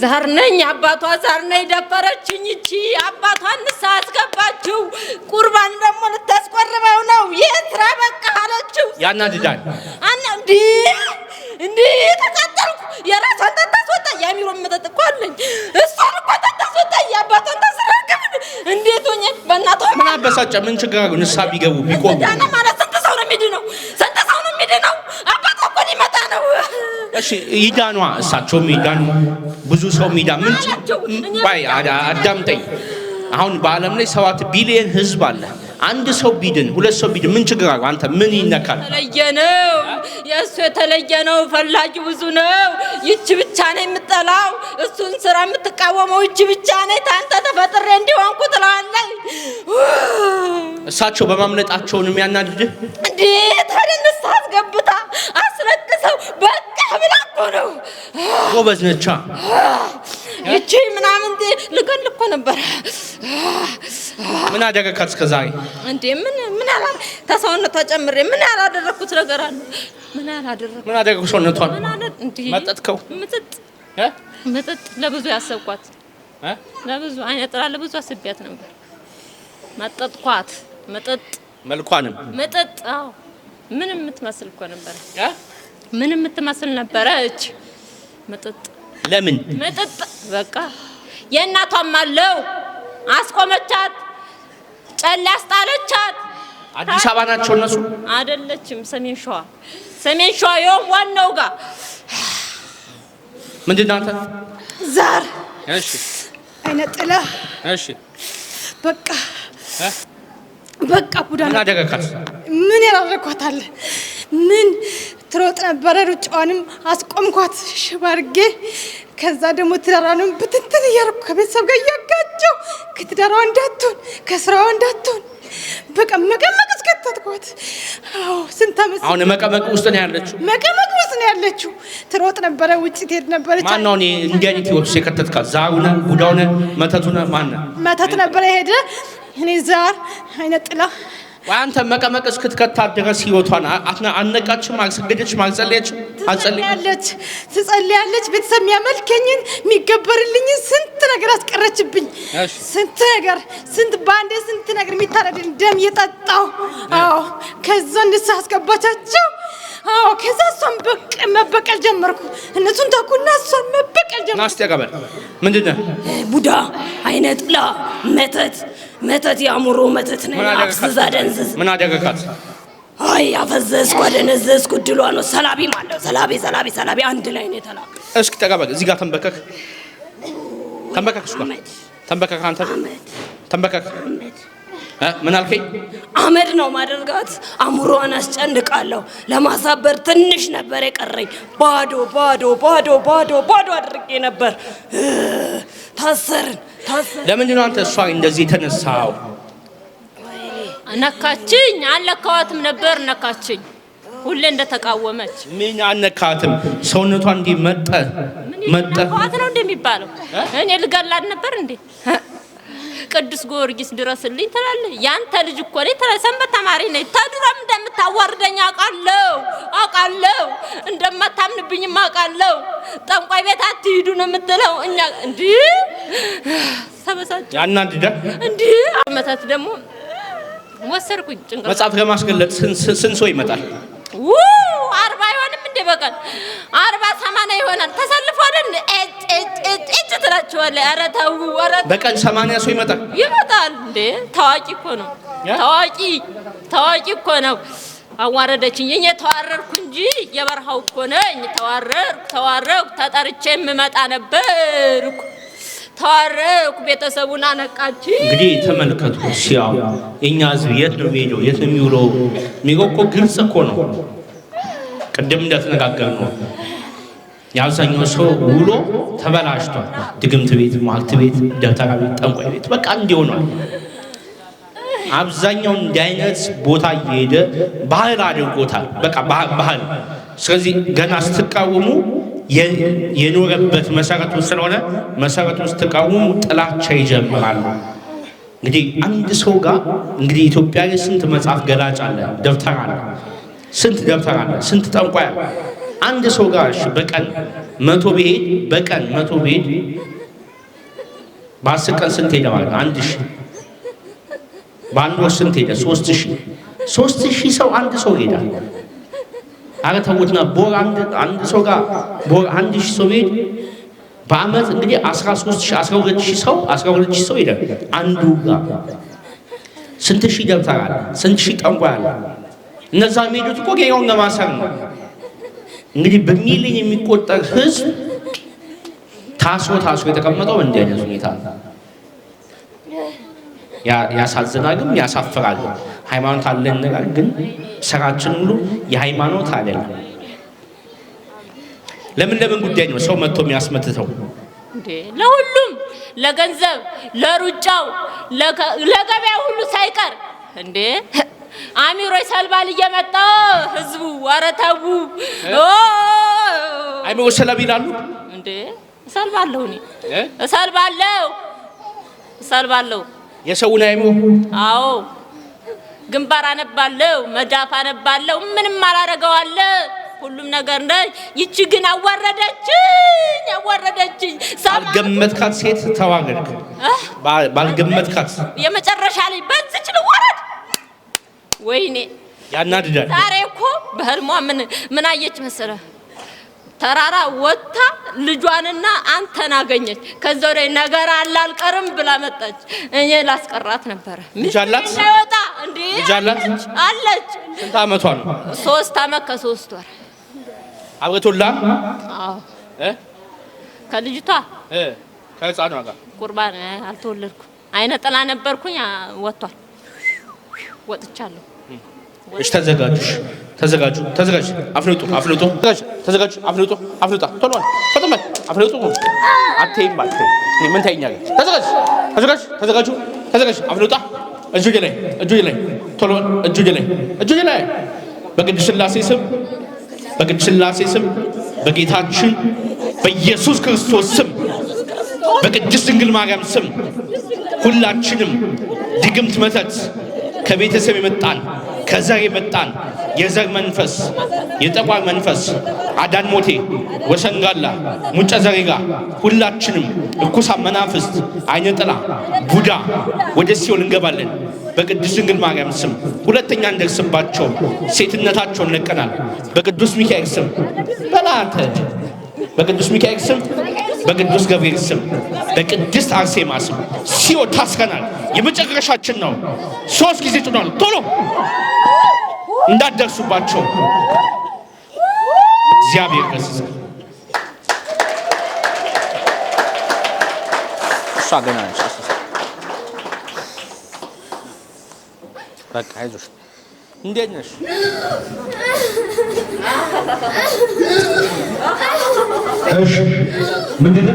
ዛር ነኝ አባቷ ዛር ነኝ ደፈረችኝ። እቺ አባቷ ንሳ አስገባችው። ቁርባን ደግሞ ልታስቆርበው ነው። ይህ ስራ በቃ አለችው። ያናድዳል። አና እንዲ እንዲ ተቃጠልኩ። የራሷን ታታስወጣ የአሚሮን መጠጥ እኮ አለኝ። እሷን እኮ ታታስወጣ የአባቷን ታስረክብን። እንዴት ሆኜ በእናቷ ምን አበሳጨ? ምን ችግር ንሳ ቢገቡ ቢቆሙ ማለት ስንት ሰው ነው የሚድነው? ስንት ሰው ነው የሚድነው? ሊመጣ ነው። እሺ ይዳኗ፣ እሳቸውም ይዳኑ፣ ብዙ ሰው ይዳን። ምን አዳምጠኝ። አሁን በዓለም ላይ ሰባት ቢሊየን ህዝብ አለ። አንድ ሰው ቢድን ሁለት ሰው ቢድን ምን ችግር አለው? አንተ ምን ይነካል? የተለየ ነው የእሱ የተለየ ነው። ፈላጊ ብዙ ነው። ይቺ ብቻ ነው የምጠላው፣ እሱን ስራ የምትቃወመው ይቺ ብቻ ነው። ታንተ ተፈጥሬ እንዲሆንኩ ትለዋለህ። እሳቸው በማምለጣቸውን የሚያናድድህ እንዴት አደንስ አስገብታ አስለቅሰው በቃ ብላ እኮ ነው። ጎበዝ ነቻ ይቺ ምናምን ልገል እኮ ነበር ምን አደረካት እስከ ዛሬ? እንዴ ምን ምን አላ ተሰውነት ተጨምሬ ምን ያላደረኩት ነገር አለ? ምን ያላደረኩት ምን አደረኩት? ሰውነቷን እንዴ መጠጥከው? ምጥጥ ምጥጥ ለብዙ ያሰብኳት ለብዙ አይነ ጥላ ለብዙ አስቤያት ነበር። መጠጥኳት መጠጥ መልኳንም መጠጥ አዎ ምን የምትመስል እኮ ነበረ። ምን የምትመስል ነበረ? እች መጠጥ ለምን መጠጥ በቃ የእናቷም አለው አስቆመቻት። ጨሌ አስጣለቻት። አዲስ አበባ ናቸው እነሱ። አይደለችም፣ ሰሜን ሸዋ፣ ሰሜን ሸዋ ይኸው ዋናው ጋር ምንድን ነው አንተ ዛር እሺ፣ አይነ ጥላ እሺ፣ በቃ በቃ ቡዳ ምን አደረካት? ምን ያላደረኳታል? ምን ትሮጥ ነበረ። ሩጫዋንም አስቆምኳት ሽባርጌ ከዛ ደግሞ ትዳሯንም ብትንትን እያደረኩ ከቤተሰብ ጋር እያጋጨው ከትዳሯ እንዳትሆን ከስራዋ እንዳትሆን በቃ መቀመቅ እስከተትኳት። አዎ ስንት አሁን መቀመቅ ውስጥ ነው ያለችው፣ መቀመቅ ውስጥ ነው ያለችው። ትሮጥ ነበረ፣ ውጭ ትሄድ ነበረ ማን ነው እንዲህ አይነት ህይወት ውስጥ ጉዳውነ መተቱነ ማነ መተት ነበረ ሄደ እኔ ዛር አይነት ጥላ አንተ መቀመቅ እስክትከታት ድረስ ህይወቷን አነቃችም፣ አልሰገደችም፣ አልጸለየችም። አልጸለያለች፣ ትጸልያለች። ቤተሰብ የሚያመልከኝን የሚገበርልኝን ስንት ነገር አስቀረችብኝ። ስንት ነገር ስንት በአንዴ ስንት ነገር የሚታረድን ደም የጠጣው። አዎ፣ ከዛ እንስ አስገባቻቸው። አዎ፣ ከዛ እሷን መበቀል ጀመርኩ። እነሱን ተኩና እሷን መበቀል ጀመርኩ። ናስቲ ያቀበል ምንድን ቡዳ አይነጥላ መተት መተት የአእምሮ መተት ነው። አፍዝዝ አደንዝዝ። ምን አደረካት? አይ አፈዘዝኩ አደነዘዝኩ። ድሏ ነው። ሰላቢ ማለት ሰላቢ ሰላቢ ሰላቢ አንድ ላይ ነው የተላከ። እስኪ ጠጋ እዚህ ጋር ተንበከክ ተንበከክ ተንበከክ አንተ ተንበከክ ምን አልከኝ? አመድ ነው ማደርጋት። አእምሮዋን አስጨንቃለሁ። ለማሳበር ትንሽ ነበር የቀረኝ። ባዶ ባዶ ባዶ ባዶ ባዶ አድርጌ ነበር። ታሰርን ታሰርን። ለምንድን ነው አንተ እሷ እንደዚህ የተነሳው? ነካችኝ። አልነካዋትም ነበር፣ ነካችኝ። ሁሌ እንደተቃወመች ምን አልነካትም። ሰውነቷ እንዲህ መጠ መጠ ነው እንደሚባለው እኔ ልገላት ነበር እንዴ ቅዱስ ጊዮርጊስ ድረስልኝ ትላለ። ያንተ ልጅ እኮ ትላለ። ሰንበት ተማሪ ነኝ። ተድሮም እንደምታዋርደኝ አውቃለሁ አውቃለሁ፣ እንደማታምንብኝም አውቃለሁ። ጠንቋይ ቤት አትሂዱ ነው የምትለው። እኛ እንዲህ ተበሳጭ እንዲህ አመታት ደግሞ ወሰድኩኝ። ጭንቅ መጽሐፍ ለማስገለጥ ስንሶ ይመጣል አርባ አይሆንም እንደ በቀን አርባ ሰማንያ ይሆናል። ተሰልፎ አይደል እጭ ትላችኋለህ። ኧረ ተው፣ ኧረ በቀን ሰማንያ ሰው ይመጣል ይመጣል። እንደ ታዋቂ እኮ ነው። ታዋቂ ታዋቂ እኮ ነው። አዋረደችኝ። እኔ ተዋረድኩ እንጂ የበረሃው እኮ ነኝ። ተዋረድኩ ተዋረድኩ። ተጠርቼ የምመጣ ነበርኩ ታረኩ ቤተሰቡን አነቃች። እንግዲህ ተመልከቱ፣ ሲያው የእኛ ህዝብ የት ነው የሚሄደው? የት ነው የሚውለው? የሚገው እኮ ግልጽ እኮ ነው። ቅድም እንደተነጋገር ነው የአብዛኛው ሰው ውሎ ተበላሽቷል። ድግምት ቤት፣ ማልት ቤት፣ ደብተራ ቤት፣ ጠንቋይ ቤት በቃ እንዲሆኗል። አብዛኛው እንዲህ አይነት ቦታ እየሄደ ባህል አድርጎታል። በቃ ባህል። ስለዚህ ገና ስትቃወሙ የኖረበት መሰረት ውስጥ ስለሆነ መሰረቱ ስትቃወሙ ጥላቻ ይጀምራሉ። እንግዲህ አንድ ሰው ጋር እንግዲህ ኢትዮጵያ ስንት መጽሐፍ ገላጭ አለ፣ ደብተር አለ፣ ስንት ደብተር አለ፣ ስንት ጠንቋይ አለ። አንድ ሰው ጋር በቀን መቶ ብሄድ በቀን መቶ ብሄድ በአስር ቀን ስንት ሄደ ማለት ነው? አንድ ሺህ በአንድ ወር ስንት ሄደ? ሶስት ሺህ ሶስት ሺህ ሰው አንድ ሰው ይሄዳል። አረ ተውትና ቦር አንድ ሰው ጋር ቦር አንድ ሺህ ሰው ሄድ በአመት እንግዲህ 12000 ሰው 12 12000 ሰው ይሄዳል። አንዱ ጋር ስንት ሺህ ደብተር ስንት ሺህ ጠንቋይ አለ? እነዛ የሚሄዱት እኮ ጌራውን ለማሰር ነው። እንግዲህ በሚሊዮን የሚቆጠር ህዝብ ታስሮ ታስሮ የተቀመጠው እንዲህ አይነት ሁኔታ ነው። ያሳዝናግም ያሳፍራል። ሃይማኖት አለ እንላል፣ ግን ስራችን ሁሉ የሃይማኖት አይደለም። ለምን ለምን ጉዳይ ነው ሰው መጥቶ የሚያስመትተው? ለሁሉም ለገንዘብ፣ ለሩጫው፣ ለገበያ ሁሉ ሳይቀር እንዴ አሚሮ ሰልባል እየመጣ ህዝቡ ወረተቡ አሚሮ ሰለብ ይላሉ እንዴ እሰልባለሁ እኔ እሰልባለሁ እሰልባለሁ የሰውን አይሞ አዎ ግንባር አነባለው መዳፍ አነባለው ምንም አላረገዋለ ሁሉም ነገር እንደ ይቺ ግን አዋረደችኝ አዋረደችኝ። ባልገመትካት ሴት ተዋገድክ። ባልገመትካት የመጨረሻ ላይ በዚች ልወረድ ወይኔ ያናድዳል። ዛሬ እኮ በህልሟ ምን ምን አየች መሰለህ? ተራራ ወጥታ ልጇንና አንተን አገኘች። ከዛ ላይ ነገር አላልቀርም ብላ መጣች። እኔ ላስቀራት ነበረ። ልጅ አላት ወጣ እንዴ አለች። ስንት አመቷ ነው? ሶስት አመት ከሶስት ወር አብረቶላ። አዎ እ ከልጅቷ እ ከህፃኗ ጋር ቁርባን አልተወለድኩም። አይነ ጥላ ነበርኩኝ። ወጥቷል። ወጥቻለሁ እሺ ተዘጋጁ፣ ተዘጋጁ፣ ተዘጋጁ። አፍልጡ፣ አፍልጡ፣ ተዘጋጁ፣ አፍልጡ፣ አፍልጣ ቶሎ ፈጥመት አፍልጡ። አትይም ማለት ምን ታይኛለህ? ተዘጋጅ፣ ተዘጋጅ፣ ተዘጋጁ፣ ተዘጋጅ። አፍልጣ እጁጌ ላይ እጁጌ ላይ ቶሎ እጁጌ ላይ እጁጌ ላይ በቅዱስ ሥላሴ ስም በቅዱስ ሥላሴ ስም በጌታችን በኢየሱስ ክርስቶስ ስም በቅድስት ድንግል ማርያም ስም ሁላችንም ድግምት መተት ከቤተሰብ የመጣን ከዘር የመጣን የዘር መንፈስ፣ የጠቋር መንፈስ አዳን ሞቴ፣ ወሰንጋላ፣ ሙጫ ዘሪጋ ሁላችንም እኩሳ መናፍስት፣ አይነ ጥላ፣ ቡዳ ወደ ሲኦል እንገባለን። በቅዱስ ድንግል ማርያም ስም ሁለተኛ እንደርስባቸው ሴትነታቸውን ለቀናል። በቅዱስ ሚካኤል ስም በላተ በቅዱስ ሚካኤል ስም በቅዱስ ገብርኤል ስም በቅድስት አርሴማ ስም ሲኦል ታስረናል። የመጨረሻችን ነው። ሶስት ጊዜ ጭኗል። ቶሎ እንዳደርሱባቸው እግዚአብሔር ገስጸ እሷ ገና ነች። በቃ አይዞሽ። እንዴት ነሽ? እሺ ምንድን ነው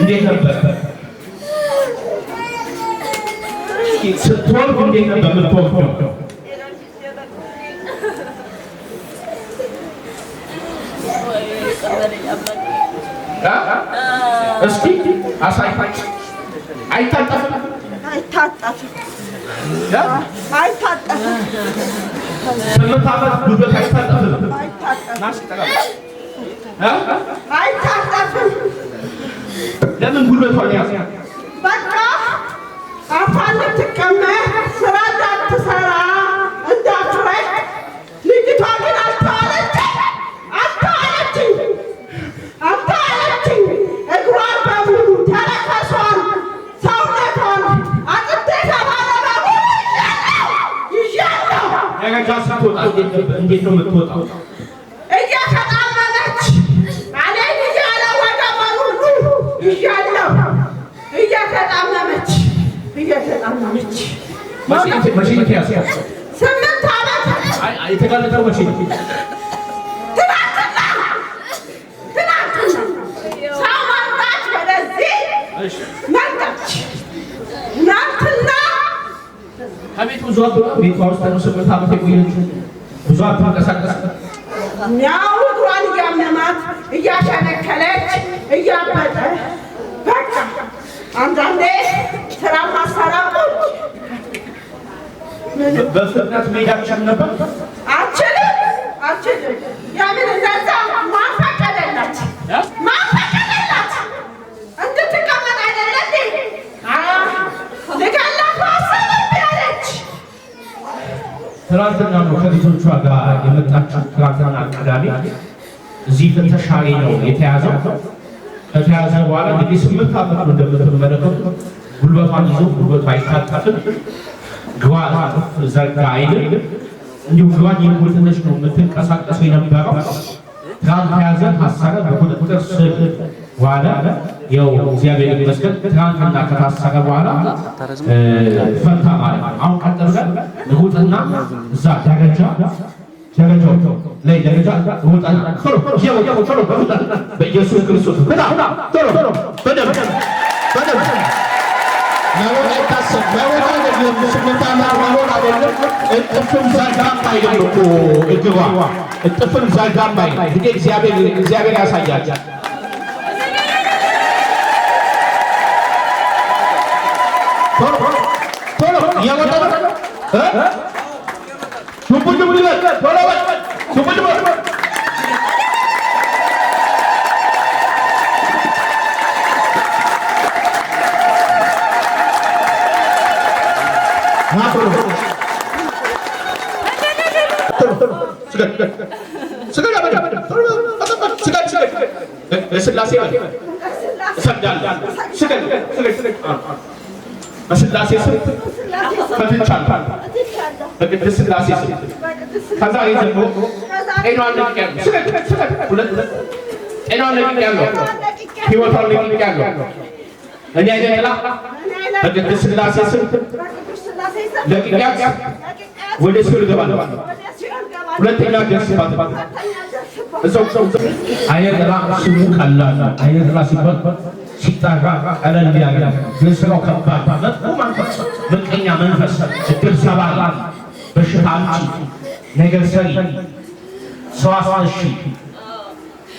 እንዴት ነበር ስትወርድ? እንዴት እስኪ አሳይ። አይታጠፍም አይታጠፍም አይታጠፍም። ስምንት ዓመት ጉልበት አይታጠፍም። አይታጠፍም። ለምን ጉልበቷን ያዝ? በቃ አፋ ልትቀመጥ ስራ መውጣት እንዴት ነው የምትወጣው? እየተጣመመች እኔ ልጅ ያለ ወደ እያለሁ እየተጣመመች እየተጣመመች ስምንት ዓመት የተጋለጠው መቼ ከቤት ብዙ ቤቷ ውስጥ ነው ስምንት ዓመት የቆየችው። ብዙ አትንቀሳቀስ ያው እግሯን እያመማት እያሸነከለች እያበጠ በቃ አንዳንዴ ስራ ማሰራ በፍጥነት መሄዳችን ነበር ትናንትና ነው ከልጆቿ ጋር የመጣችው። ትናንትና ቅዳሜ እዚህ ፍተሻ ነው የተያዘው። ከተያዘ በኋላ እንግዲህ ስምንት ዓመት ነው እንደምትመለከቱ። ጉልበቷን ይዞ ጉልበቷ አይታጠፍም። ግባ ዘጋ አይልም። እንዲሁ ግዋን የጎትነች ነው የምትንቀሳቀሱ የነበረው። ትናንት ተያዘ፣ ታሰረ፣ በቁጥጥር ስር ዋለ። ያው እግዚአብሔር ይመስገን ትናንትና ከታሰረ በኋላ ፈታ ማለት ነው። አሁን ቀጥሎ ልውጥና እዛ ደረጃ ደረጃው ላይ ደረጃ ልውጣና ቶሎ ቶሎ በፍጥነት በኢየሱስ ክርስቶስ ብላ ቶሎ ቶሎ በደም በደም እጥፍም ዘጋም አይደለም እግዚአብሔር ያሳያል። चुप चुप थोड़ा बस चुप चुप हाँ प्रभु सगळ्या ፈትቻለሁ በቅድስት ሥላሴ ስም። ከዛሬ ጀምሮ ጤናዋን ለቅቄያለሁ። ጤናዋን ለቅቄያለሁ። ሕይወቷን ለቅቄያለሁ። እኔ አይደላ በቅድስት ሥላሴ ስም ለቅቄያት ወደ ሲኦል እገባለሁ። ሁለተኛ ደርስባት እዛው ስሙ ቀላል አይደላ ሲባል ሲጣራ ቀለል ያለ ግን ስራው ከባድ መጥፎ ማንፈጸ ምቀኛ መንፈስ፣ እድር ሰባሪ፣ በሽታ አምጪ፣ ነገር ሰሪ፣ ሰው አስነሺ፣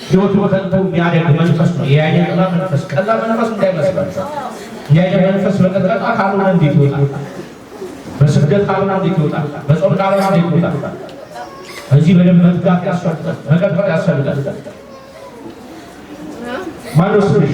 ህይወቱ ከቶ የሚያደግ መንፈስ ነው። የያደግላ መንፈስ ቀላል መንፈስ እንዳይመስላችሁ። የያደግ መንፈስ በቅጥረጣ ካልሆነ እንዴት ይወጣል? በስደት ካልሆነ እንዴት ይወጣል? በጾም ካልሆነ እንዴት ይወጣል? እዚህ በደንብ መትጋት ያስፈልጋል፣ መቀጠር ያስፈልጋል። ማነው ስልሽ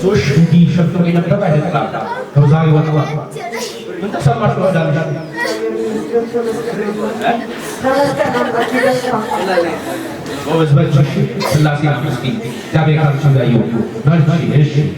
ሶሽቲ ሸፍኖ የነበረ አይደለም። ከዛሬ ወጥቷ ምን ተሰማችሁ? ወዳለ ጎበዝ በርቺ። ስላሴ ምስኪ እግዚአብሔር ካንቺ ጋር ይሁን። በርቺ እሺ